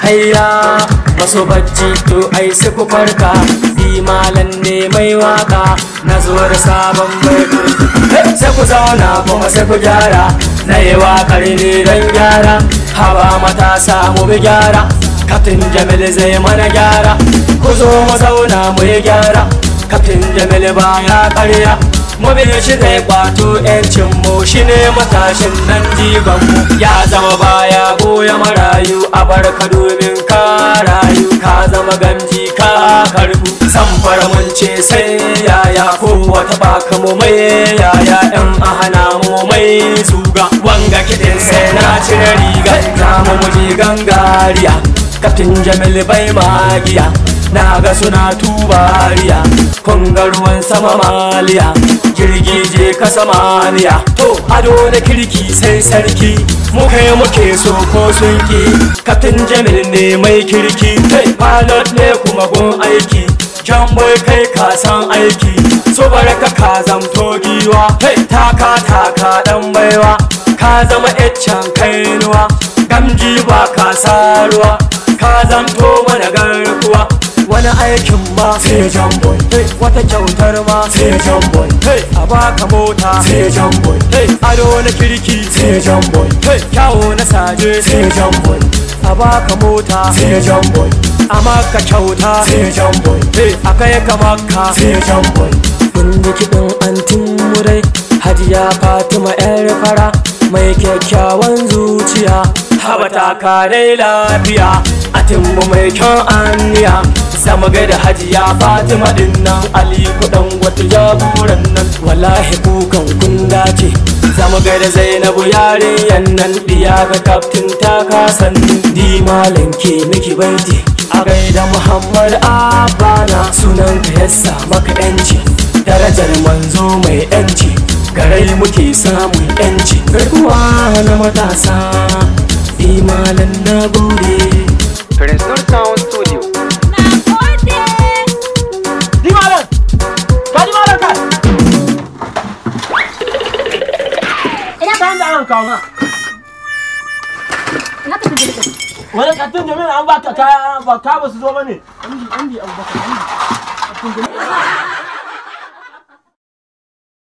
hayya maso bacci to ai sai ku farka imalan ne mai waka na zuwar sabon baiko sai ku zauna kuma sai ku gyara na yi wakar ne don gyara haba matasa mu bi gyara katin jamil zai mana gyara ku zo mu zauna mu yi gyara katin jamil baya karya mube shi zai kwato yancin mu shi ne matashin nan jiban mu ya zama baya goya marayu a barka domin ka rayu ka zama gamji ka karbu samfara mun ce sai yaya ko wata baka mu mai yaya yan ahana mu mai zuga wanga kidin sai na cire riga za mu muji gangariya kaftin jamil bai magiya na ga suna tubariya kun ruwan sama maliya jirgi je ka samaniya to ado na kirki sai sarki mu muke so ko sun ki kaftin jamil ne mai kirki kai pilot ne kuma gun aiki jan bai kai ka san aiki so baraka ka zamto giwa kai taka taka dan baiwa ka zama kai kainuwa gamji ba ka saruwa ka zamto mana garkuwa wani aikin ma sai jamboi wata kyautar ma sai jamboi baka mota sai jan boy ado na kirki sai jan boy kyawo na saje sai jan boy a baka mota sai jan boy a maka kyauta sai jan boy a kai ka maka sai jan boy mun yi kiɗin antin murai hadiya fatima yar fara mai kyakkyawan zuciya haba ta kare lafiya atin mai kyan aniya Sama da hajiya Fatima din nan Aliku dan wata jagoran nan Wallahi kukan kun dace Sama da Zainabu yarinyan nan Diya ga kaftin ta kasan Di malam ke miki baiti A gaida Muhammad Abana Sunan ka yasa maka yanci Darajar manzo mai yanci Garai muke samun yanci Garkuwa na matasa Imalan kawo na an baka kaya ba su zo